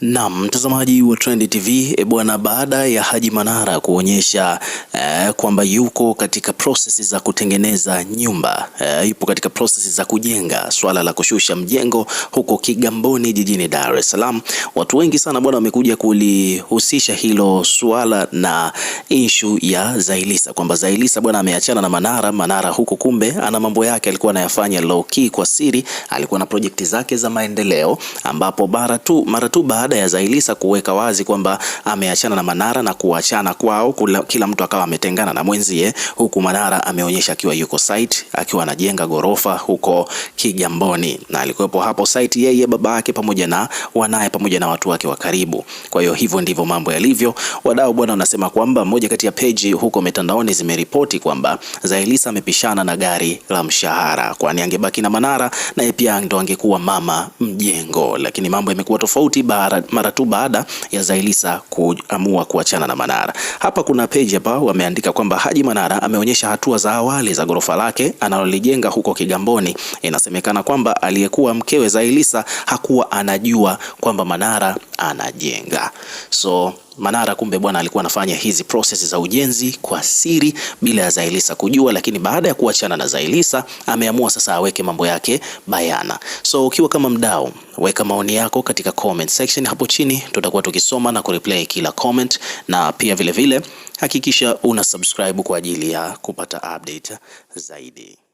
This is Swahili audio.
Na mtazamaji wa Trend TV e bwana, baada ya Haji Manara kuonyesha eh, kwamba yuko katika prosesi za kutengeneza nyumba eh, yupo katika prosesi za kujenga swala la kushusha mjengo huko Kigamboni jijini Dar es Salaam, watu wengi sana bwana wamekuja kulihusisha hilo swala na inshu ya Zailisa, kwamba Zailisa bwana ameachana na Manara. Manara huko kumbe ana mambo yake alikuwa anayafanya low key, kwa siri, alikuwa na projekti zake za maendeleo ambapo bara tu mara tu baada ya Zailisa kuweka wazi kwamba ameachana na Manara na kuachana kwao, kila mtu akawa ametengana na mwenzie, huku Manara ameonyesha akiwa yuko site akiwa anajenga gorofa huko Kigamboni, na alikuwepo hapo site yeye, baba yake pamoja na wanaye pamoja na watu wake wa karibu. Kwa hiyo hivyo ndivyo mambo yalivyo, wadau bwana, wanasema kwamba moja kati ya peji huko mitandaoni zimeripoti kwamba Zailisa amepishana na gari la mshahara, kwani angebaki na Manara naye pia ndo angekuwa mama mjane jengo, lakini mambo yamekuwa tofauti mara tu baada ya Zailisa kuamua kuachana na Manara. Hapa kuna page hapa wameandika kwamba Haji Manara ameonyesha hatua za awali za ghorofa lake analolijenga huko Kigamboni. Inasemekana kwamba aliyekuwa mkewe Zailisa hakuwa anajua kwamba Manara anajenga. So Manara kumbe bwana alikuwa anafanya hizi process za ujenzi kwa siri bila ya Zailisa kujua, lakini baada ya kuachana na Zailisa ameamua sasa aweke mambo yake bayana. So ukiwa kama mdau, weka maoni yako katika comment section hapo chini, tutakuwa tukisoma na kureplay kila comment, na pia vilevile vile, hakikisha una subscribe kwa ajili ya kupata update zaidi.